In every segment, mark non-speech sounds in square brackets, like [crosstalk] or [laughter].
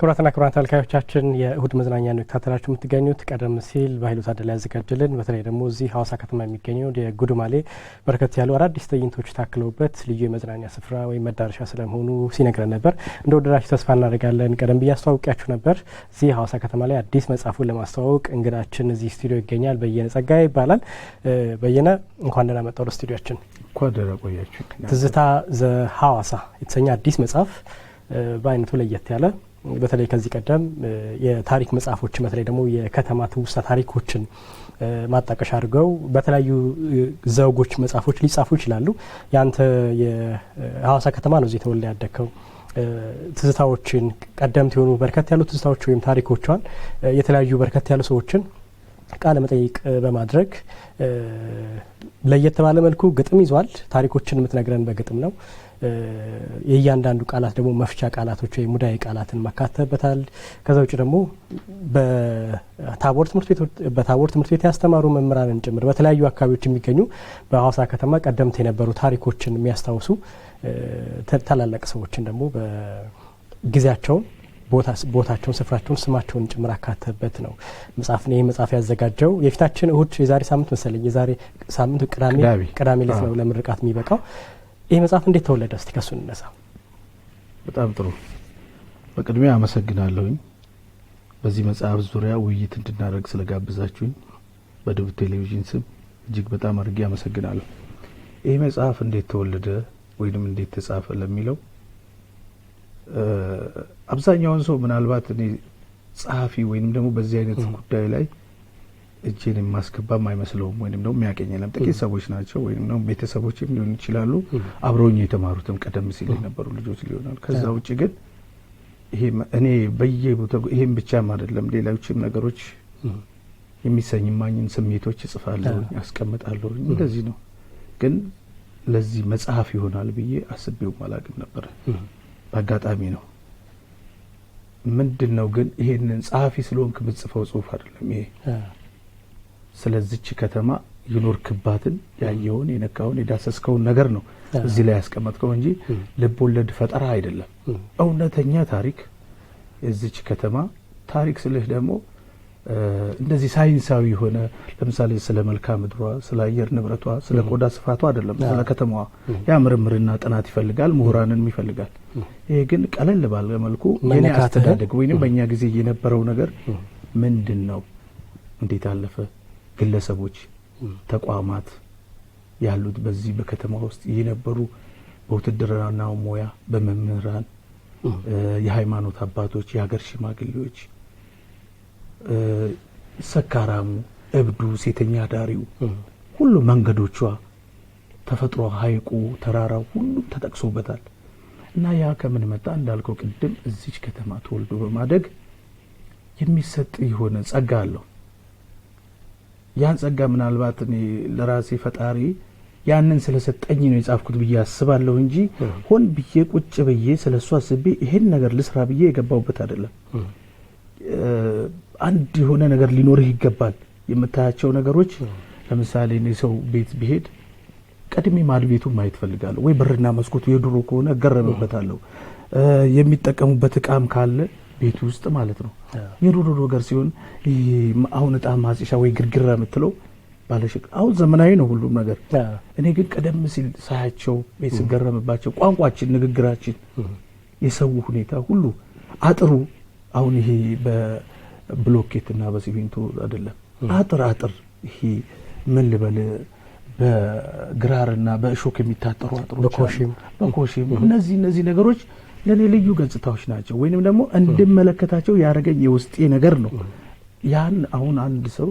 ክብራትና ክቡራን ተመልካዮቻችን የእሁድ መዝናኛ ነው የተከታተላችሁ የምትገኙት። ቀደም ሲል በኃይሉ ታደላ ያዘጋጀልን በተለይ ደግሞ እዚህ ሀዋሳ ከተማ የሚገኘው የጉዱማሌ በርከት ያሉ አዳዲስ ትዕይንቶች ታክለውበት ልዩ የመዝናኛ ስፍራ ወይም መዳረሻ ስለመሆኑ ሲነግረን ነበር። እንደ ወደዳችሁ ተስፋ እናደርጋለን። ቀደም ብዬ አስተዋውቂያችሁ ነበር። እዚህ ሀዋሳ ከተማ ላይ አዲስ መጽሐፉን ለማስተዋወቅ እንግዳችን እዚህ ስቱዲዮ ይገኛል። በየነ ጸጋዬ ይባላል። በየነ እንኳን ደህና መጣህ ወደ ስቱዲዮችን። እንኳን ደህና ቆያችሁ። ትዝታ ዘ ሀዋሳ የተሰኘ አዲስ መጽሐፍ በአይነቱ ለየት ያለ በተለይ ከዚህ ቀደም የታሪክ መጽሐፎችን በተለይ ደግሞ የከተማ ትውስታ ታሪኮችን ማጣቀሻ አድርገው በተለያዩ ዘውጎች መጽሐፎች ሊጻፉ ይችላሉ። ያንተ የሀዋሳ ከተማ ነው እዚህ ተወልደ ያደግከው። ትዝታዎችን ቀደምት የሆኑ በርከት ያሉ ትዝታዎች ወይም ታሪኮቿን የተለያዩ በርከት ያሉ ሰዎችን ቃለ መጠይቅ በማድረግ ለየት ባለ መልኩ ግጥም ይዟል። ታሪኮችን የምትነግረን በግጥም ነው። የእያንዳንዱ ቃላት ደግሞ መፍቻ ቃላቶች ወይም ሙዳየ ቃላትን መካተበታል። ከዛ ውጭ ደግሞ በታቦር ትምህርት ቤት ያስተማሩ መምህራንን ጭምር በተለያዩ አካባቢዎች የሚገኙ በሀዋሳ ከተማ ቀደምት የነበሩ ታሪኮችን የሚያስታውሱ ታላላቅ ሰዎችን ደግሞ በጊዜያቸውን ቦታቸውን፣ ስፍራቸውን፣ ስማቸውን ጭምር አካተበት ነው መጽሐፍ ይህ መጽሐፍ ያዘጋጀው የፊታችን እሁድ የዛሬ ሳምንት መሰለኝ የዛሬ ሳምንት ቅዳሜ ቅዳሜ ዕለት ነው ለምርቃት የሚበቃው። ይህ መጽሐፍ እንዴት ተወለደ? እስቲ ከሱ እንነሳ። በጣም ጥሩ። በቅድሚያ አመሰግናለሁኝ በዚህ መጽሐፍ ዙሪያ ውይይት እንድናደርግ ስለጋብዛችሁኝ በደቡብ ቴሌቪዥን ስም እጅግ በጣም አድርጌ አመሰግናለሁ። ይህ መጽሐፍ እንዴት ተወለደ ወይንም እንዴት ተጻፈ ለሚለው አብዛኛውን ሰው ምናልባት እኔ ጸሐፊ ወይንም ደግሞ በዚህ አይነት ጉዳይ ላይ እጅን የማስገባም አይመስለውም ወይም ደግሞ የሚያገኝ ጥቂት ሰዎች ናቸው ወይም ደግሞ ቤተሰቦችም ሊሆን ይችላሉ አብረውኝ የተማሩትም ቀደም ሲል የነበሩ ልጆች ሊሆናል። ከዛ ውጭ ግን እኔ በየቦታው ይሄም ብቻም አይደለም ሌሎችም ነገሮች የሚሰኝማኝን ስሜቶች እጽፋለሁ፣ አስቀምጣለሁ። እንደዚህ ነው ግን ለዚህ መጽሐፍ ይሆናል ብዬ አስቤውም አላቅም ነበረ። በአጋጣሚ ነው። ምንድን ነው ግን ይሄንን ጸሐፊ ስለሆንክ የምትጽፈው ጽሁፍ አይደለም ይሄ ስለዚች ከተማ ይኖርክባትን ያየውን የነካውን የዳሰስከውን ነገር ነው እዚህ ላይ ያስቀመጥከው እንጂ ልብ ወለድ ፈጠራ አይደለም። እውነተኛ ታሪክ የዚች ከተማ ታሪክ ስልህ ደግሞ እንደዚህ ሳይንሳዊ የሆነ ለምሳሌ ስለ መልክዓ ምድሯ፣ ስለ አየር ንብረቷ፣ ስለ ቆዳ ስፋቷ አይደለም። ስለ ከተማዋ ያ ምርምርና ጥናት ይፈልጋል፣ ምሁራንን ይፈልጋል። ይሄ ግን ቀለል ባለ መልኩ የኔ አስተዳደግ ወይም በእኛ ጊዜ የነበረው ነገር ምንድን ነው፣ እንዴት አለፈ ግለሰቦች፣ ተቋማት ያሉት በዚህ በከተማ ውስጥ የነበሩ በውትድርና ሙያ በመምህራን፣ የሃይማኖት አባቶች፣ የሀገር ሽማግሌዎች፣ ሰካራሙ፣ እብዱ፣ ሴተኛ ዳሪው ሁሉ መንገዶቿ፣ ተፈጥሮ፣ ሀይቁ ተራራው ሁሉም ተጠቅሶበታል እና ያ ከምን መጣ እንዳልከው ቅድም እዚች ከተማ ተወልዶ በማደግ የሚሰጥ የሆነ ጸጋ አለው። ያን ጸጋ ምናልባት እኔ ለራሴ ፈጣሪ ያንን ስለሰጠኝ ነው የጻፍኩት ብዬ አስባለሁ እንጂ ሆን ብዬ ቁጭ ብዬ ስለ እሱ አስቤ ይሄን ነገር ልስራ ብዬ የገባሁበት አይደለም። አንድ የሆነ ነገር ሊኖርህ ይገባል። የምታያቸው ነገሮች ለምሳሌ እኔ ሰው ቤት ብሄድ ቀድሜ ማድ ቤቱን ማየት ፈልጋለሁ ወይ በርና መስኮቱ የድሮ ከሆነ እገረምበታለሁ። የሚጠቀሙበት እቃም ካለ ቤት ውስጥ ማለት ነው። የዶዶዶ ነገር ሲሆን አሁን እጣ ማጽሻ ወይ ግርግራ የምትለው ባለሽቅ አሁን ዘመናዊ ነው ሁሉም ነገር። እኔ ግን ቀደም ሲል ሳያቸው ቤት ስገረምባቸው ቋንቋችን፣ ንግግራችን፣ የሰው ሁኔታ ሁሉ አጥሩ አሁን ይሄ በብሎኬትና በሲሚንቶ አይደለም። አጥር አጥር ይሄ ምን ልበል በግራርና በእሾክ የሚታጠሩ አጥሮች በኮሽም እነዚህ እነዚህ ነገሮች ለእኔ ልዩ ገጽታዎች ናቸው፣ ወይንም ደግሞ እንድመለከታቸው ያደረገኝ የውስጤ ነገር ነው። ያን አሁን አንድ ሰው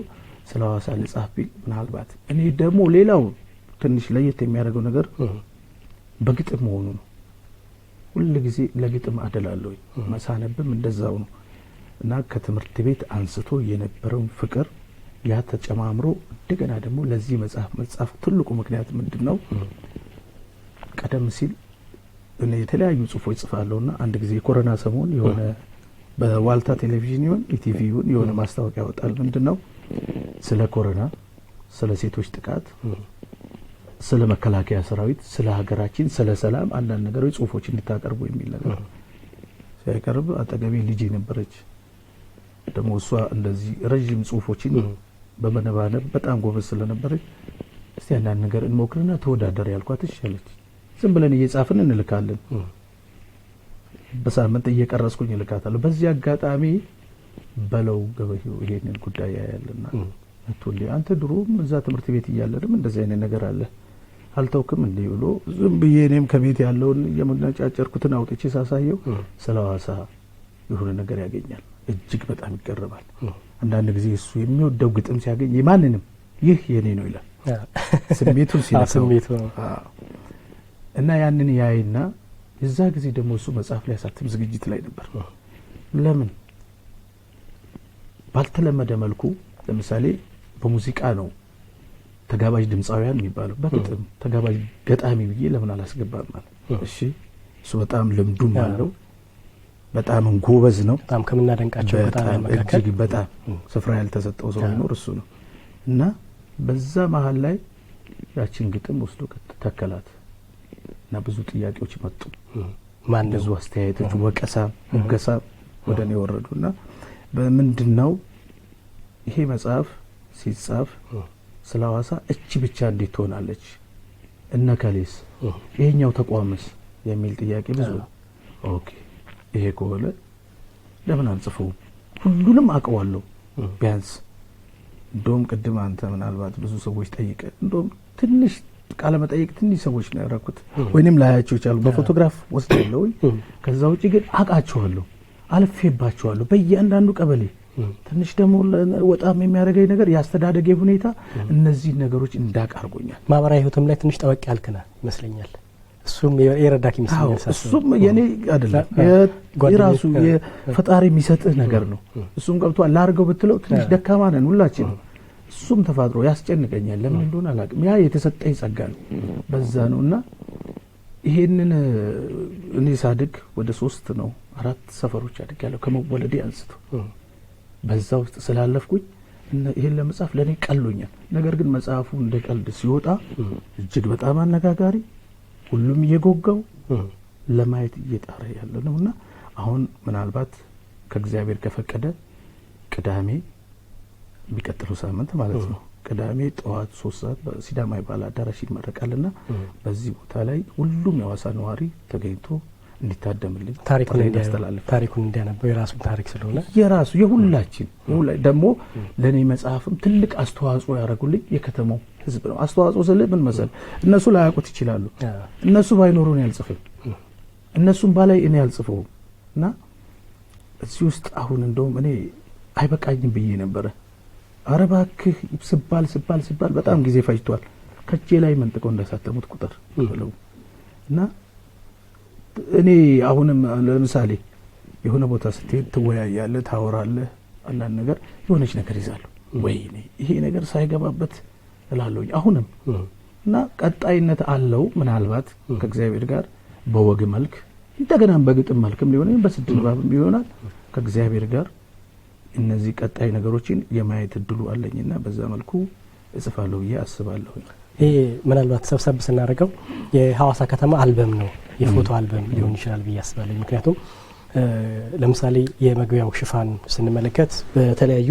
ስለ ሐዋሳ ልጻፍ ቢል ምናልባት እኔ ደግሞ ሌላው ትንሽ ለየት የሚያደርገው ነገር በግጥም መሆኑ ነው። ሁል ጊዜ ለግጥም አደላለሁኝ መሳነብም እንደዛው ነው እና ከትምህርት ቤት አንስቶ የነበረውን ፍቅር ያ ተጨማምሮ እንደገና ደግሞ ለዚህ መጽሐፍ መጽሐፍ ትልቁ ምክንያት ምንድን ነው? ቀደም ሲል የተለያዩ ጽሁፎች ና አንድ ጊዜ የኮረና ሰሞን የሆነ በዋልታ ቴሌቪዥን ይሁን ኢቲቪ ይሁን የሆነ ማስታወቂያ ያወጣል። ምንድን ነው ስለ ኮረና፣ ስለ ሴቶች ጥቃት፣ ስለ መከላከያ ሰራዊት፣ ስለ ሀገራችን፣ ስለ ሰላም አንዳንድ ነገሮች ጽሁፎች እንድታቀርቡ የሚል ነገር ሲያቀርብ አጠገቤ ልጅ ነበረች። ደግሞ እሷ እንደዚህ ረዥም ጽሁፎችን በመነባነብ በጣም ጎበዝ ስለነበረች እስቲ አንዳንድ ነገር እንሞክርና ተወዳደር ያልኳት አለች። ዝም ብለን እየጻፍን እንልካለን። በሳምንት እየቀረጽኩኝ እልካታለሁ። በዚህ አጋጣሚ በለው ገበየሁ ይሄንን ጉዳይ ያያልና እቱል አንተ ድሮም እዛ ትምህርት ቤት እያለንም እንደዚህ አይነት ነገር አለ አልተውክም እንዲህ ብሎ ዝም ብዬ እኔም ከቤት ያለውን የምናጫጨርኩትን አውጥቼ ሳሳየው ስለ ሐዋሳ የሆነ ነገር ያገኛል። እጅግ በጣም ይቀርባል። አንዳንድ ጊዜ እሱ የሚወደው ግጥም ሲያገኝ ማንንም ይህ የኔ ነው ይላል ስሜቱን ሲነሳው እና ያንን ያይና የዛ ጊዜ ደግሞ እሱ መጽሐፍ ላይ ያሳትም ዝግጅት ላይ ነበር። ለምን ባልተለመደ መልኩ ለምሳሌ በሙዚቃ ነው ተጋባዥ ድምፃውያን የሚባለው በግጥም ተጋባዥ ገጣሚ ብዬ ለምን አላስገባም ማለት እሺ እሱ በጣም ልምዱም አለው በጣም ጎበዝ ነው በጣም ከምናደንቃቸው በጣም እጅግ በጣም ስፍራ ያልተሰጠው ሰው ቢኖር እሱ ነው እና በዛ መሀል ላይ ያችን ግጥም ወስዶ ተከላት እና ብዙ ጥያቄዎች መጡ። ብዙ አስተያየቶች፣ ወቀሳ፣ ሙገሳ ወደ እኔ ወረዱ እና በምንድን ነው ይሄ መጽሐፍ ሲጻፍ ስለ ሐዋሳ እች ብቻ እንዴት ትሆናለች እነ ከሌስ ይሄኛው ተቋምስ የሚል ጥያቄ ብዙ። ኦኬ ይሄ ከሆነ ለምን አንጽፈውም? ሁሉንም አውቀዋለሁ ቢያንስ እንደውም ቅድም አንተ ምናልባት ብዙ ሰዎች ጠይቀ እንደውም ትንሽ ቃለ ቃለመጠየቅ ትንሽ ሰዎች ነው ያደረኩት፣ ወይም ላያቸው ይቻሉ በፎቶግራፍ ወስዳለሁ። ከዛ ውጭ ግን አቃቸዋለሁ፣ አልፌባቸዋለሁ በእያንዳንዱ ቀበሌ። ትንሽ ደግሞ ወጣም የሚያደርገኝ ነገር የአስተዳደጌ ሁኔታ እነዚህ ነገሮች እንዳውቅ አድርጎኛል። ማህበራዊ ህይወትም ላይ ትንሽ ጠበቅ ያልክና ይመስለኛል። እሱም የረዳክ ይመስለኛል። እሱም የኔ አይደለም የራሱ የፈጣሪ የሚሰጥህ ነገር ነው። እሱም ገብቷል። ላርገው ብትለው ትንሽ ደካማ ነን ሁላችንም። እሱም ተፋጥሮ ያስጨንቀኛል። ለምን እንደሆነ አላውቅም። ያ የተሰጠኝ ጸጋ ነው፣ በዛ ነው እና ይሄንን እኔ ሳድግ ወደ ሶስት ነው አራት ሰፈሮች አድግ ያለው ከመወለዴ አንስቶ በዛ ውስጥ ስላለፍኩኝ ይህን ለመጽሐፍ ለእኔ ቀሎኛል። ነገር ግን መጽሐፉ እንደ ቀልድ ሲወጣ እጅግ በጣም አነጋጋሪ፣ ሁሉም እየጎጋው ለማየት እየጣረ ያለ ነው እና አሁን ምናልባት ከእግዚአብሔር ከፈቀደ ቅዳሜ የሚቀጥለው ሳምንት ማለት ነው። ቅዳሜ ጠዋት ሶስት ሰዓት በሲዳማ የባህል አዳራሽ ይመረቃል ና በዚህ ቦታ ላይ ሁሉም የአዋሳ ነዋሪ ተገኝቶ እንዲታደምልኝ ታሪኩን እንዲያስተላልፍ ታሪኩን እንዲያነበው የራሱ ታሪክ ስለሆነ የራሱ የሁላችን ደግሞ ለእኔ መጽሐፍም ትልቅ አስተዋጽኦ ያደረጉልኝ የከተማው ህዝብ ነው። አስተዋጽኦ ስል ምን መሰል እነሱ ላያውቁት ይችላሉ። እነሱ ባይኖሩ እኔ አልጽፍም፣ እነሱም ባላይ እኔ አልጽፈውም እና እዚህ ውስጥ አሁን እንደውም እኔ አይበቃኝም ብዬ ነበረ ኧረ እባክህ ስባል ስባል ስባል በጣም ጊዜ ፈጅቷል። ከቼ ላይ መንጥቀው እንዳሳተሙት ቁጥር እና እኔ አሁንም ለምሳሌ የሆነ ቦታ ስትሄድ ትወያያለህ፣ ታወራለህ። አንዳንድ ነገር የሆነች ነገር ይዛለሁ ወይ ይሄ ነገር ሳይገባበት እላለሁኝ አሁንም እና ቀጣይነት አለው። ምናልባት ከእግዚአብሔር ጋር በወግ መልክ እንደገናም በግጥም መልክም ሊሆን በስድ ንባብም ይሆናል ከእግዚአብሔር ጋር እነዚህ ቀጣይ ነገሮችን የማየት እድሉ አለኝና በዛ መልኩ እጽፋለሁ ብዬ አስባለሁ። ይሄ ምናልባት ሰብሰብ ስናደርገው የሀዋሳ ከተማ አልበም ነው፣ የፎቶ አልበም ሊሆን ይችላል ብዬ አስባለሁ። ምክንያቱም ለምሳሌ የመግቢያው ሽፋን ስንመለከት በተለያዩ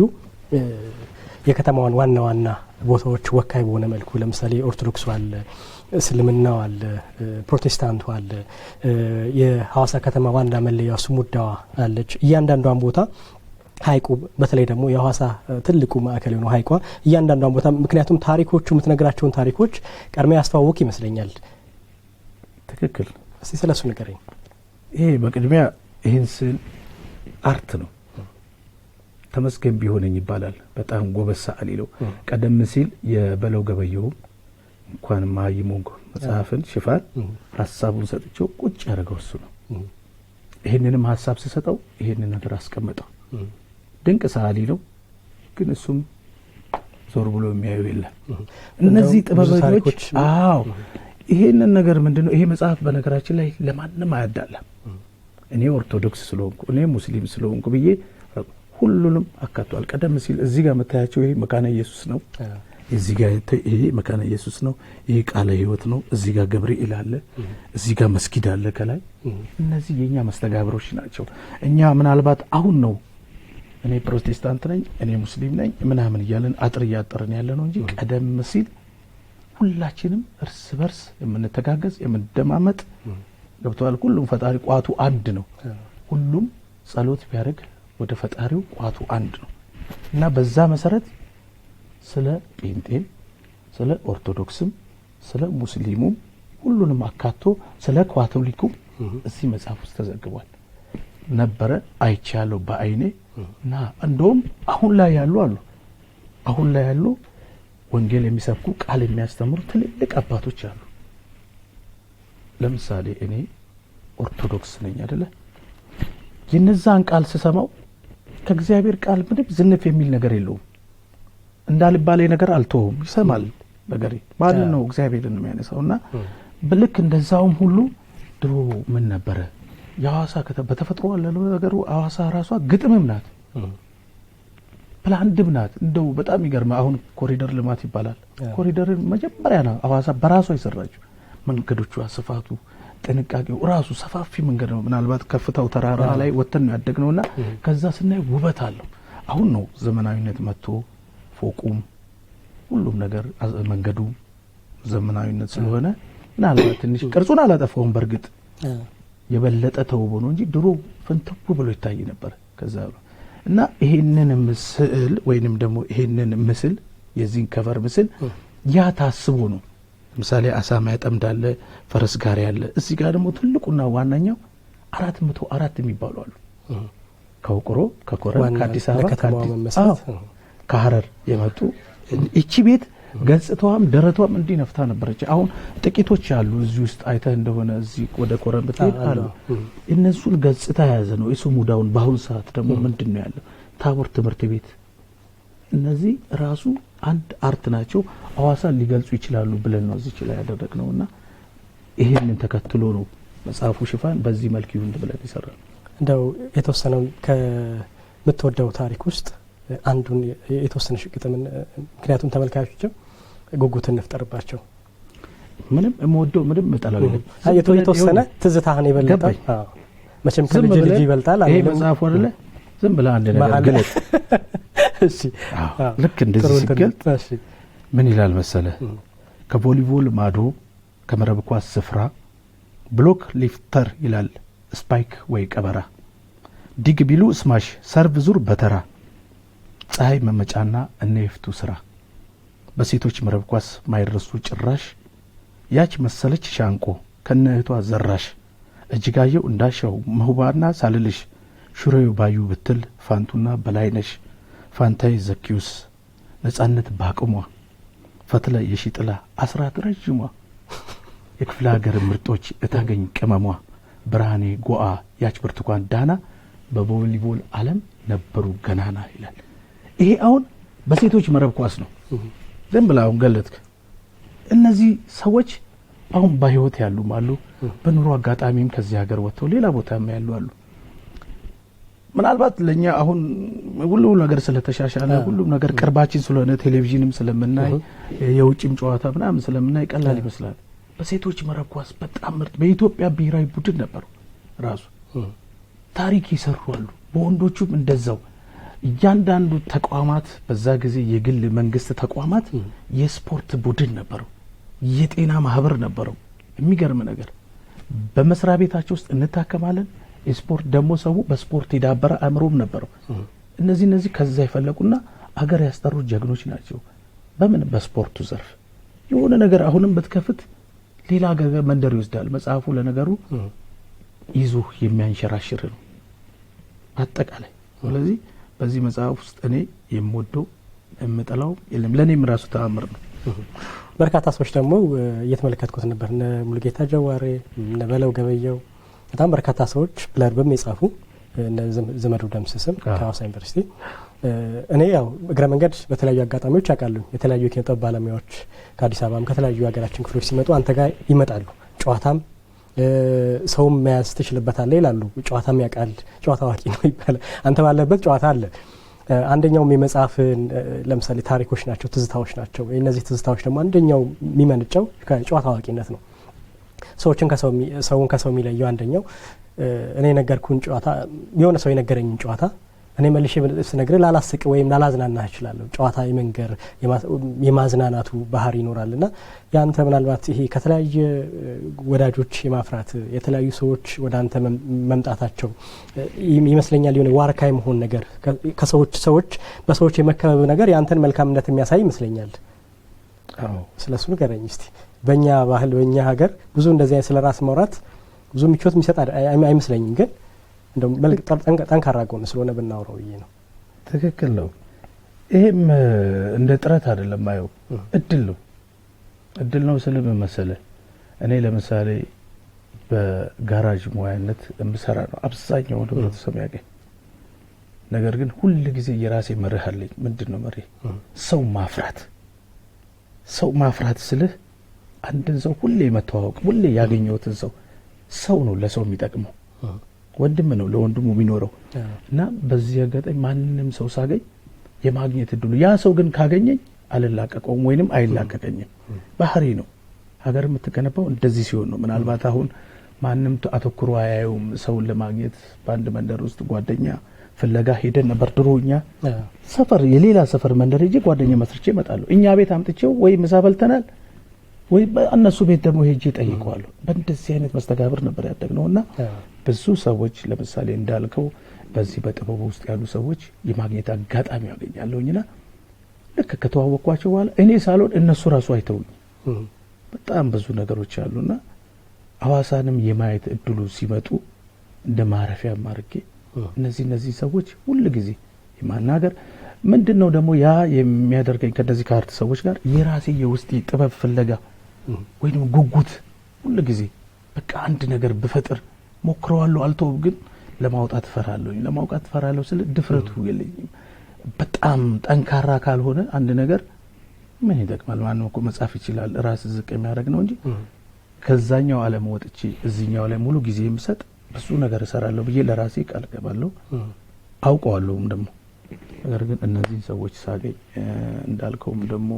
የከተማዋን ዋና ዋና ቦታዎች ወካይ በሆነ መልኩ ለምሳሌ ኦርቶዶክሱ አለ፣ እስልምናው አለ፣ ፕሮቴስታንቱ አለ፣ የሀዋሳ ከተማ ዋና መለያዋ ስሙዳዋ አለች። እያንዳንዷን ቦታ ሀይቁ በተለይ ደግሞ የሀዋሳ ትልቁ ማዕከል የሆነው ሀይቋ እያንዳንዷን ቦታ ምክንያቱም ታሪኮቹ የምትነግራቸውን ታሪኮች ቀድሞ ያስተዋወቅ ይመስለኛል። ትክክል። እስቲ ስለሱ ንገረኝ። ይሄ በቅድሚያ ይህን ስል አርት ነው። ተመስገን ቢሆነኝ ይባላል። በጣም ጎበዝ ሰዓሊ ነው። ቀደም ሲል የበለው ገበየሁ እንኳን ማይሞንጎ መጽሐፍን ሽፋን ሀሳቡን ሰጥቼው ቁጭ ያደረገው እሱ ነው። ይህንንም ሀሳብ ስሰጠው ይህንን ነገር አስቀምጠው ድንቅ ሰዓሊ ነው፣ ግን እሱም ዞር ብሎ የሚያዩ የለም። እነዚህ ጥበበኞች አዎ፣ ይሄንን ነገር ምንድን ነው ይሄ መጽሐፍ በነገራችን ላይ ለማንም አያዳላም። እኔ ኦርቶዶክስ ስለሆንኩ እኔ ሙስሊም ስለሆንኩ ብዬ ሁሉንም አካቷል። ቀደም ሲል እዚህ ጋር መታያቸው ይሄ መካነ ኢየሱስ ነው፣ እዚህ ጋር ይሄ መካነ ኢየሱስ ነው፣ ይሄ ቃለ ሕይወት ነው። እዚህ ጋር ገብርኤል አለ፣ እዚህ ጋር መስጊድ አለ ከላይ። እነዚህ የእኛ መስተጋብሮች ናቸው። እኛ ምናልባት አሁን ነው እኔ ፕሮቴስታንት ነኝ፣ እኔ ሙስሊም ነኝ ምናምን እያለን አጥር እያጠርን ያለ ነው እንጂ ቀደም ሲል ሁላችንም እርስ በርስ የምንተጋገዝ የምንደማመጥ ገብተዋል። ሁሉም ፈጣሪ ቋቱ አንድ ነው። ሁሉም ጸሎት ቢያደርግ ወደ ፈጣሪው ቋቱ አንድ ነው እና በዛ መሰረት ስለ ጴንጤም ስለ ኦርቶዶክስም ስለ ሙስሊሙም ሁሉንም አካቶ ስለ ካቶሊኩም እዚህ መጽሐፍ ውስጥ ተዘግቧል። ነበረ አይቻለሁ በአይኔ እና እንደውም አሁን ላይ ያሉ አሉ አሁን ላይ ያሉ ወንጌል የሚሰብኩ ቃል የሚያስተምሩ ትልልቅ አባቶች አሉ። ለምሳሌ እኔ ኦርቶዶክስ ነኝ አደለ? የነዛን ቃል ስሰማው ከእግዚአብሔር ቃል ምንም ዝንፍ የሚል ነገር የለውም። እንዳልባሌ ነገር አልተውም። ይሰማል ነገሬ ማንን ነው እግዚአብሔርን የሚያነሳው እና ልክ እንደዛውም ሁሉ ድሮ ምን ነበረ የሐዋሳ ከተማ በተፈጥሮ ነገሩ ሐዋሳ ራሷ ግጥምም ናት፣ ፕላንድም ናት። እንደው በጣም ይገርም። አሁን ኮሪደር ልማት ይባላል። ኮሪደርን መጀመሪያ ነው ሐዋሳ በራሷ የሰራችው። መንገዶቿ ስፋቱ፣ ጥንቃቄው ራሱ ሰፋፊ መንገድ ነው። ምናልባት ከፍታው ተራራ ላይ ወተን ነው ያደግነውና ከዛ ስናይ ውበት አለው። አሁን ነው ዘመናዊነት መጥቶ ፎቁም ሁሉም ነገር መንገዱ ዘመናዊነት ስለሆነ ምናልባት ትንሽ ቅርጹን አላጠፋውም በእርግጥ የበለጠ ተውቦ ነው እንጂ ድሮ ፍንትው ብሎ ይታይ ነበር። ከዛ እና ይሄንን ምስል ወይንም ደግሞ ይሄንን ምስል የዚህን ከቨር ምስል ያ ታስቦ ነው። ለምሳሌ አሳማ እንዳለ ፈረስ ጋሪ ያለ። እዚህ ጋር ደግሞ ትልቁና ዋናኛው አራት መቶ አራት የሚባሉ አሉ። ከውቅሮ ከኮረም ከአዲስ አበባ ከሀረር የመጡ እቺ ቤት ገጽታዋም ደረቷም እንዲህ ነፍታ ነበረች። አሁን ጥቂቶች አሉ እዚህ ውስጥ አይተህ እንደሆነ እዚህ ወደ ኮረብታ አሉ። እነሱን ገጽታ የያዘ ነው ሙዳውን። በአሁኑ ሰዓት ደግሞ ምንድን ነው ያለው? ታቦር ትምህርት ቤት። እነዚህ ራሱ አንድ አርት ናቸው። አዋሳ ሊገልጹ ይችላሉ ብለን ነው እዚች ላይ ያደረግነው እና ይህንን ተከትሎ ነው መጽሐፉ ሽፋን በዚህ መልክ ይሁን ብለን ይሰራል። እንደው የተወሰነው ከምትወደው ታሪክ ውስጥ አንዱን የተወሰነሽ ግጥምን ምክንያቱም ተመልካቾችም ጉጉት እንፍጠርባቸው። ምንም የምወደው ምንም የምጠላው የተወሰነ ትዝታ ትዝታህን የበለጠ መቼም ከልጅ ልጅ ይበልጣል። ይሄ መጽሐፍ አይደለ ዝም ብለህ አንድ ነገር ግለጥ። [laughs] ልክ እንደዚህ ሲገልጥ ምን ይላል መሰለ ከቮሊቦል ማዶ ከመረብ ኳስ ስፍራ ብሎክ ሊፍተር ይላል ስፓይክ ወይ ቀበራ ዲግ ቢሉ ስማሽ ሰርቭ ዙር በተራ ፀሐይ መመጫና እነ የፍቱ ስራ በሴቶች መረብ ኳስ ማይረሱ ጭራሽ ያች መሰለች ሻንቆ ከነ እህቷ ዘራሽ እጅጋየው እንዳሻው መሁባና ሳልልሽ ሹሬው ባዩ ብትል ፋንቱና በላይነሽ ፋንታይ ዘኪዩስ ነጻነት ባቅሟ ፈትለ የሺጥላ አስራት ረዥሟ የክፍለ ሀገር ምርጦች እታገኝ ቅመሟ ብርሃኔ ጎአ ያች ብርቱካን ዳና በቮሊቦል ዓለም ነበሩ ገናና ይላል። ይሄ አሁን በሴቶች መረብ ኳስ ነው። ዝም ብለህ አሁን ገለጥክ። እነዚህ ሰዎች አሁን በህይወት ያሉም አሉ፣ በኑሮ አጋጣሚም ከዚህ ሀገር ወጥተው ሌላ ቦታም ያሉ አሉ። ምናልባት ለእኛ አሁን ሁሉም ነገር ስለተሻሻለ ሁሉም ነገር ቅርባችን ስለሆነ ቴሌቪዥንም ስለምናይ የውጭም ጨዋታ ምናምን ስለምናይ ቀላል ይመስላል። በሴቶች መረብ ኳስ በጣም ምርጥ በኢትዮጵያ ብሔራዊ ቡድን ነበሩ። ራሱ ታሪክ ይሰሩ አሉ። በወንዶቹም እንደዛው እያንዳንዱ ተቋማት በዛ ጊዜ የግል መንግስት ተቋማት የስፖርት ቡድን ነበረው፣ የጤና ማህበር ነበረው። የሚገርም ነገር በመስሪያ ቤታቸው ውስጥ እንታከማለን። የስፖርት ደግሞ ሰው በስፖርት የዳበረ አእምሮም ነበረው። እነዚህ እነዚህ ከዛ የፈለቁና አገር ያስጠሩ ጀግኖች ናቸው። በምን በስፖርቱ ዘርፍ የሆነ ነገር አሁንም ብትከፍት ሌላ መንደር ይወስዳል። መጽሐፉ ለነገሩ ይዞ የሚያንሸራሽር ነው አጠቃላይ ስለዚህ በዚህ መጽሐፍ ውስጥ እኔ የምወደው የምጠላው የለም። ለእኔም ራሱ ተአምር ነው። በርካታ ሰዎች ደግሞ እየተመለከትኩት ነበር። እነ ሙልጌታ ጀዋሬ፣ እነ በለው ገበየው፣ በጣም በርካታ ሰዎች ብለርብም የጻፉ ዘመዱ ደምስስም ከሀዋሳ ዩኒቨርሲቲ እኔ ያው እግረ መንገድ በተለያዩ አጋጣሚዎች ያውቃሉ። የተለያዩ የኪነጥበብ ባለሙያዎች ከአዲስ አበባም ከተለያዩ ሀገራችን ክፍሎች ሲመጡ አንተ ጋር ይመጣሉ ጨዋታም ሰውም መያዝ ትችልበታለ ይላሉ። ጨዋታም ያውቃል፣ ጨዋታ አዋቂ ነው ይባላል። አንተ ባለበት ጨዋታ አለ። አንደኛውም የመጽሐፍ ለምሳሌ ታሪኮች ናቸው፣ ትዝታዎች ናቸው። እነዚህ ትዝታዎች ደግሞ አንደኛው የሚመነጨው ከጨዋታ አዋቂነት ነው። ሰዎችን ሰውን ከሰው የሚለየው አንደኛው እኔ የነገርኩን ጨዋታ የሆነ ሰው የነገረኝን ጨዋታ እኔ መልሼ ስነግርህ ላላስቅ ወይም ላላዝናና እችላለሁ። ጨዋታ የመንገር የማዝናናቱ ባህሪ ይኖራል እና የአንተ ምናልባት ይሄ ከተለያየ ወዳጆች የማፍራት የተለያዩ ሰዎች ወደ አንተ መምጣታቸው ይመስለኛል የሆነ ዋርካ የመሆን ነገር ከሰዎች ሰዎች በሰዎች የመከበብ ነገር የአንተን መልካምነት የሚያሳይ ይመስለኛል። ስለ እሱ ንገረኝ እስቲ። በእኛ ባህል በእኛ ሀገር ብዙ እንደዚህ ስለ ራስ ማውራት ብዙ ምቾት የሚሰጥ አይመስለኝም ግን ጠንካራ ጎን ስለሆነ ብናውረው ብዬ ነው። ትክክል ነው። ይሄም እንደ ጥረት አይደለም ማየው እድል ነው። እድል ነው ስል መሰለ እኔ ለምሳሌ በጋራጅ ሙያነት የምሰራ ነው አብዛኛውን ህብረተሰብ ያገኝ ነገር ግን ሁል ጊዜ የራሴ መርህ አለኝ። ምንድን ነው መርህ? ሰው ማፍራት። ሰው ማፍራት ስልህ አንድን ሰው ሁሌ መተዋወቅ፣ ሁሌ ያገኘሁትን ሰው ሰው ነው ለሰው የሚጠቅመው ወንድም ነው ለወንድሙ የሚኖረው እና በዚህ አጋጣሚ ማንንም ሰው ሳገኝ የማግኘት እድሉ ያ ሰው ግን ካገኘኝ አልላቀቀውም ወይንም አይላቀቀኝም። ባህሪ ነው። ሀገር የምትገነባው እንደዚህ ሲሆን ነው። ምናልባት አሁን ማንም አተኩሮ አያየውም። ሰውን ለማግኘት በአንድ መንደር ውስጥ ጓደኛ ፍለጋ ሄደን ነበር ድሮ። እኛ ሰፈር የሌላ ሰፈር መንደር ሄጄ ጓደኛ መስርቼ እመጣለሁ። እኛ ቤት አምጥቼው ወይ ምሳ በልተናል ወይ እነሱ ቤት ደግሞ ሄጄ ጠይቀዋለሁ። በእንደዚህ አይነት መስተጋብር ነበር ያደግነው እና ብዙ ሰዎች ለምሳሌ እንዳልከው በዚህ በጥበቡ ውስጥ ያሉ ሰዎች የማግኘት አጋጣሚ ያገኛለሁኝና ልክ ከተዋወቅኳቸው በኋላ እኔ ሳልሆን እነሱ ራሱ አይተውኝ በጣም ብዙ ነገሮች አሉና አዋሳንም የማየት እድሉ ሲመጡ እንደ ማረፊያ ማርጌ እነዚህ እነዚህ ሰዎች ሁል ጊዜ የማናገር ምንድን ነው ደግሞ ያ የሚያደርገኝ ከነዚህ ከአርት ሰዎች ጋር የራሴ የውስጥ ጥበብ ፍለጋ ወይ ደግሞ ጉጉት ሁሉ ጊዜ በቃ አንድ ነገር ብፈጥር ሞክረዋለሁ፣ አልተውም፣ ግን ለማውጣት እፈራለሁ። ለማውጣት እፈራለሁ ስለ ድፍረቱ የለኝም። በጣም ጠንካራ ካልሆነ አንድ ነገር ምን ይጠቅማል? ማንም እኮ መጻፍ ይችላል። ራስ ዝቅ የሚያደርግ ነው እንጂ ከዛኛው ዓለም ወጥቼ እዚኛው ላይ ሙሉ ጊዜ የምሰጥ ብዙ ነገር እሰራለሁ ብዬ ለራሴ ቃል ገባለሁ። አውቀዋለሁም ደግሞ ነገር ግን እነዚህን ሰዎች ሳገኝ እንዳልከውም ደግሞ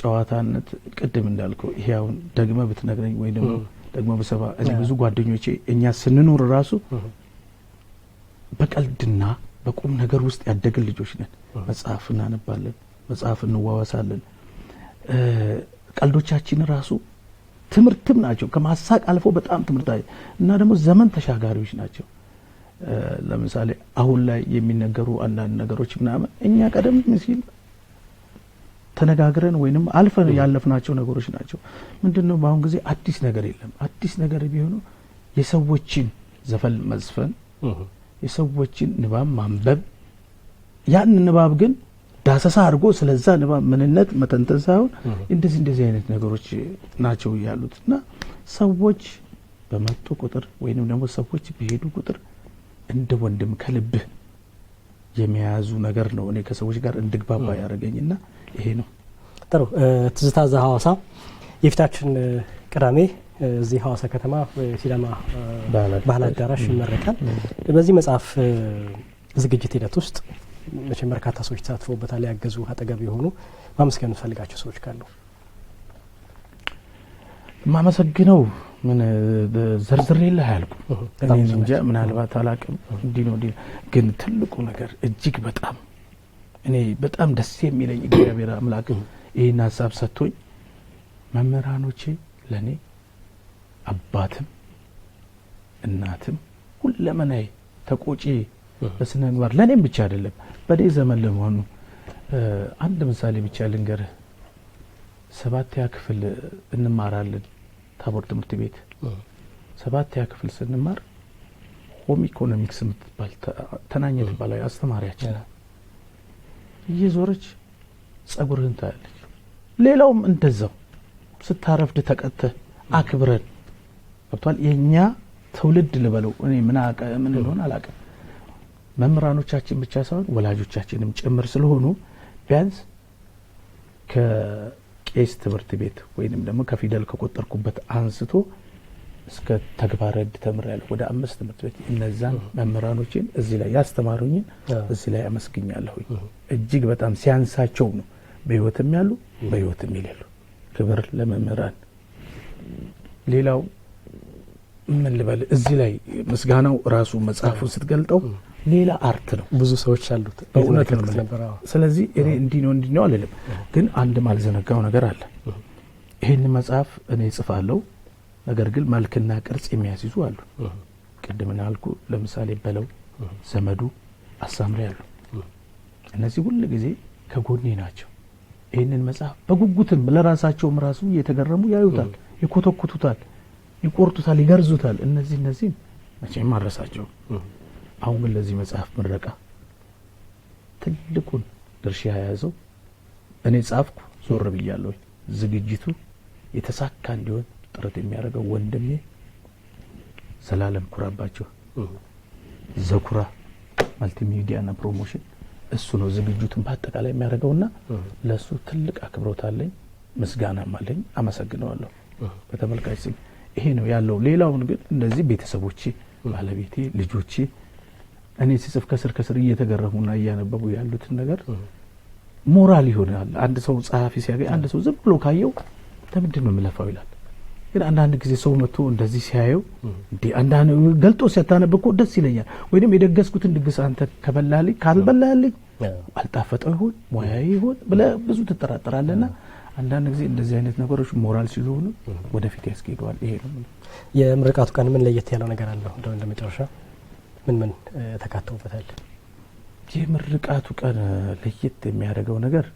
ጨዋታነት ቅድም እንዳልኩ ይሄ አሁን ደግመ ብትነግረኝ ወይ ደግሞ ደግሞ በሰባ እኔ ብዙ ጓደኞቼ እኛ ስንኖር ራሱ በቀልድና በቁም ነገር ውስጥ ያደግን ልጆች ነን። መጽሐፍ እናነባለን፣ መጽሐፍ እንዋዋሳለን። ቀልዶቻችን ራሱ ትምህርትም ናቸው፣ ከማሳቅ አልፎ በጣም ትምህርት እና ደግሞ ዘመን ተሻጋሪዎች ናቸው። ለምሳሌ አሁን ላይ የሚነገሩ አንዳንድ ነገሮች ምናምን እኛ ቀደም ሲል ተነጋግረን ወይንም አልፈን ያለፍናቸው ነገሮች ናቸው። ምንድን ነው በአሁን ጊዜ አዲስ ነገር የለም። አዲስ ነገር ቢሆኑ የሰዎችን ዘፈን መዝፈን፣ የሰዎችን ንባብ ማንበብ፣ ያን ንባብ ግን ዳሰሳ አድርጎ ስለዛ ንባብ ምንነት መተንተን ሳይሆን እንደዚህ እንደዚህ አይነት ነገሮች ናቸው ያሉት እና ሰዎች በመጡ ቁጥር ወይንም ደግሞ ሰዎች በሄዱ ቁጥር እንደ ወንድም ከልብህ የሚያዙ ነገር ነው እኔ ከሰዎች ጋር እንድግባባ ያደረገኝና ይሄ ነው። ጥሩ ትዝታ ሀዋሳ የፊታችን ቅዳሜ እዚህ ሀዋሳ ከተማ ሲዳማ ባህል አዳራሽ ይመረቃል። በዚህ መጽሐፍ ዝግጅት ሂደት ውስጥ መቼም በርካታ ሰዎች ተሳትፎበታል። ያገዙ አጠገብ የሆኑ ማመስገን ፈልጋቸው ሰዎች ካሉ ማመሰግነው ምን ዘርዝር የለ አያልኩም። እንጃ ምናልባት አላቅም እንዲህ ነው ግን ትልቁ ነገር እጅግ በጣም እኔ በጣም ደስ የሚለኝ እግዚአብሔር አምላክ ይህን ሀሳብ ሰጥቶኝ መምህራኖቼ ለእኔ አባትም እናትም ሁለመናይ ተቆጪ በስነ ምግባር ለእኔም ብቻ አይደለም በእኔ ዘመን ለመሆኑ አንድ ምሳሌ ብቻ ልንገርህ። ሰባተኛ ክፍል እንማራለን ታቦር ትምህርት ቤት ሰባተኛ ክፍል ስንማር ሆም ኢኮኖሚክስ የምትባል ተናኘ ትባላ አስተማሪያችን እየዞረች ጸጉርህን ታያለች። ሌላውም እንደዛው ስታረፍድ ተቀጥተህ አክብረን ገብቷል። የእኛ ትውልድ ልበለው እኔ ምን አቀ ምን እንደሆነ አላውቅም። መምህራኖቻችን ብቻ ሳይሆን ወላጆቻችንም ጭምር ስለሆኑ ቢያንስ ከቄስ ትምህርት ቤት ወይንም ደግሞ ከፊደል ከቆጠርኩበት አንስቶ እስከ ተግባረ ተምር ያለ ወደ አምስት ትምህርት ቤት እነዛን መምህራኖችን እዚህ ላይ ያስተማሩኝን እዚህ ላይ አመስግኛለሁኝ። እጅግ በጣም ሲያንሳቸው ነው በህይወትም ያሉ በህይወት የሚሌሉ ክብር ለመምህራን። ሌላው ምን ልበል እዚህ ላይ ምስጋናው ራሱ መጽሐፉን ስትገልጠው ሌላ አርት ነው። ብዙ ሰዎች አሉት በእውነት ነው። ስለዚህ እኔ እንዲ ነው እንዲ ነው አልልም፣ ግን አንድ ማልዘነጋው ነገር አለ። ይህን መጽሐፍ እኔ ጽፋለው ነገር ግን መልክና ቅርጽ የሚያስይዙ አሉ። ቅድምን አልኩ፣ ለምሳሌ በለው ዘመዱ አሳምሬ አሉ። እነዚህ ሁሉ ጊዜ ከጎኔ ናቸው። ይህንን መጽሐፍ በጉጉትም ለራሳቸውም ራሱ እየተገረሙ ያዩታል፣ ይኮተኩቱታል፣ ይቆርጡታል፣ ይገርዙታል። እነዚህ እነዚህን መቼም አረሳቸው። አሁን ግን ለዚህ መጽሐፍ ምረቃ ትልቁን ድርሻ የያዘው እኔ ጻፍኩ ዞር ብያለሁ። ዝግጅቱ የተሳካ እንዲሆን ጥረት የሚያደርገው ወንድሜ ዘላለም ኩራባቸው ዘኩራ ማልቲሚዲያና ፕሮሞሽን እሱ ነው ዝግጅቱን በአጠቃላይ ና ለእሱ ትልቅ አክብሮት አለኝ፣ ምስጋናም አለኝ። አመሰግነዋለሁ በተመልካች ስም። ይሄ ነው ያለው። ሌላውን ግን እንደዚህ ቤተሰቦቼ፣ ባለቤቴ፣ ልጆቼ እኔ ሲጽፍ ከስር ከስር እየተገረሙና እያነበቡ ያሉትን ነገር ሞራል ይሆናል። አንድ ሰው ጸሀፊ ሲያገኝ አንድ ሰው ዝም ብሎ ካየው ለምንድን ነው የምለፋው ይላል። ግን አንዳንድ ጊዜ ሰው መጥቶ እንደዚህ ሲያየው ገልጦ ሲያታነብኮ ደስ ይለኛል። ወይም የደገስኩትን ድግስ አንተ ከበላልኝ ካልበላልኝ አልጣፈጠው ይሆን ሙያዊ ይሆን ብለ ብዙ ና አንዳንድ ጊዜ እንደዚህ አይነት ነገሮች ሞራል ሲሆኑ ወደፊት ያስኬደዋል። ይሄ ነው የምርቃቱ ቀን ምን ለየት ያለው ነገር አለው? እንደው እንደ መጨረሻ ምን ምን ተካተውበታል? የምርቃቱ ቀን ለየት የሚያደርገው ነገር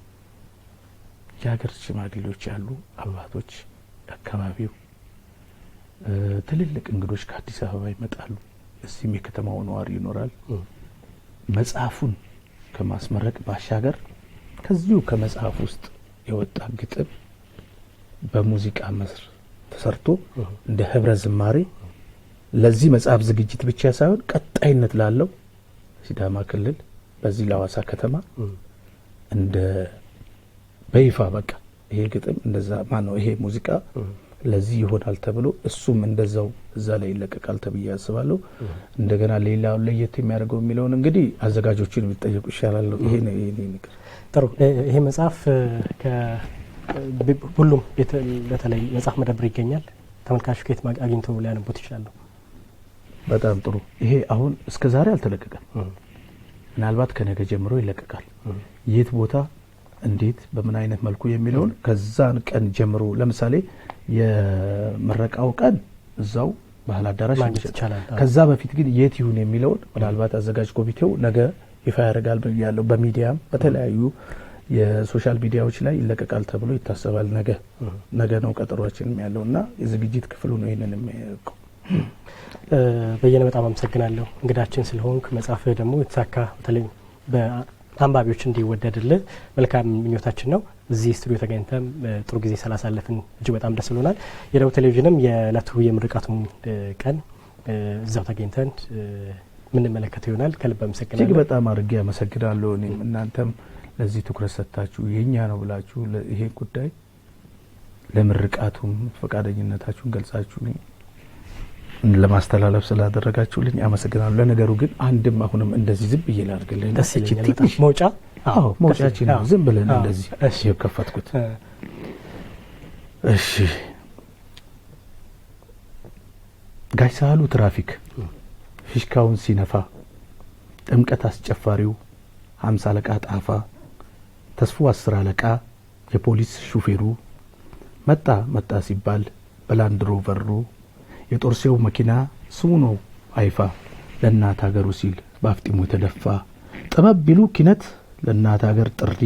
የሀገር ሽማግሌዎች ያሉ አባቶች፣ አካባቢው ትልልቅ እንግዶች ከአዲስ አበባ ይመጣሉ። እዚህም የከተማው ነዋሪ ይኖራል። መጽሐፉን ከማስመረቅ ባሻገር ከዚሁ ከመጽሐፍ ውስጥ የወጣ ግጥም በሙዚቃ መስር ተሰርቶ እንደ ህብረ ዝማሬ ለዚህ መጽሐፍ ዝግጅት ብቻ ሳይሆን ቀጣይነት ላለው ሲዳማ ክልል በዚህ ለሐዋሳ ከተማ እንደ በይፋ በቃ ይሄ ግጥም እንደዛ ነው ይሄ ሙዚቃ ለዚህ ይሆናል ተብሎ እሱም እንደዛው እዛ ላይ ይለቀቃል ተብዬ አስባለሁ። እንደገና ሌላው ለየት የሚያደርገው የሚለውን እንግዲህ አዘጋጆቹን የሚጠየቁ ይሻላለሁ። ይሄ ነገር ጥሩ። ይሄ መጽሐፍ ሁሉም በተለይ መጽሐፍ መደብር ይገኛል። ተመልካቹ ከየት አግኝቶ ሊያነቡት ይችላለሁ? በጣም ጥሩ። ይሄ አሁን እስከ ዛሬ አልተለቀቀም። ምናልባት ከነገ ጀምሮ ይለቀቃል። የት ቦታ፣ እንዴት፣ በምን አይነት መልኩ የሚለውን ከዛን ቀን ጀምሮ ለምሳሌ የምረቃው ቀን እዛው ባህል አዳራሽ ይቻላል። ከዛ በፊት ግን የት ይሁን የሚለውን ምናልባት አዘጋጅ ኮሚቴው ነገ ይፋ ያደርጋል ብያለሁ። በሚዲያም በተለያዩ የሶሻል ሚዲያዎች ላይ ይለቀቃል ተብሎ ይታሰባል። ነገ ነገ ነው ቀጠሯችንም ያለው እና የዝግጅት ክፍሉ ነው ይህንን የሚያውቀው። በየነ በጣም አመሰግናለሁ እንግዳችን ስለሆንክ። መጽሐፍህ ደግሞ የተሳካ በተለይ ታንባቢዎች እንዲወደድልህ መልካም ምኞታችን ነው። እዚህ ስቱዲዮ ተገኝተም ጥሩ ጊዜ ስላሳለፍን እጅግ በጣም ደስ ብሎናል። የደቡብ ቴሌቪዥንም የእለቱ የምርቃቱን ቀን እዛው ተገኝተን የምንመለከተው ይሆናል። ከልብ አመሰግናለሁ። እጅግ በጣም አድርጌ አመሰግናለሁ። እኔም እናንተም ለዚህ ትኩረት ሰጥታችሁ የእኛ ነው ብላችሁ ይሄ ጉዳይ ለምርቃቱም ፈቃደኝነታችሁን ገልጻችሁ ለማስተላለፍ ስላደረጋችሁልኝ አመሰግናለሁ። ለነገሩ ግን አንድም አሁንም እንደዚህ ዝም ብዬ ላድርግልህ መውጫ መውጫችን ነው። ዝም ብለን እንደዚህ የከፈትኩት። እሺ ጋሽ ሳህሉ ትራፊክ ፊሽካውን ሲነፋ ጥምቀት አስጨፋሪው ሀምሳ አለቃ ጣፋ ተስፉ አስር አለቃ የፖሊስ ሹፌሩ መጣ መጣ ሲባል በላንድሮቨሩ የጦር ሰው መኪና ስሙ ነው አይፋ ለእናት ሀገሩ ሲል በአፍጢሙ የተደፋ ጠበብ ቢሉ ኪነት ለእናት ሀገር ጥሪ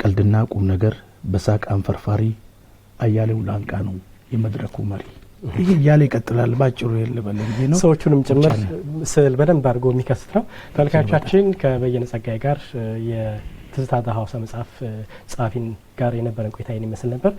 ቀልድና ቁም ነገር በሳቅ አንፈርፋሪ አያሌው ላንቃ ነው የመድረኩ መሪ። ይህ እያለ ይቀጥላል። ባጭሩ የልበል ነው ሰዎቹንም ጭምር ስዕል በደንብ አድርጎ የሚከስት ነው። ተመልካቾቻችን ከበየነ ጸጋዬ ጋር የትዝታ ዘ መጽሐፍ ጸሐፊን ጋር የነበረን ቆይታ ይመስል ነበር።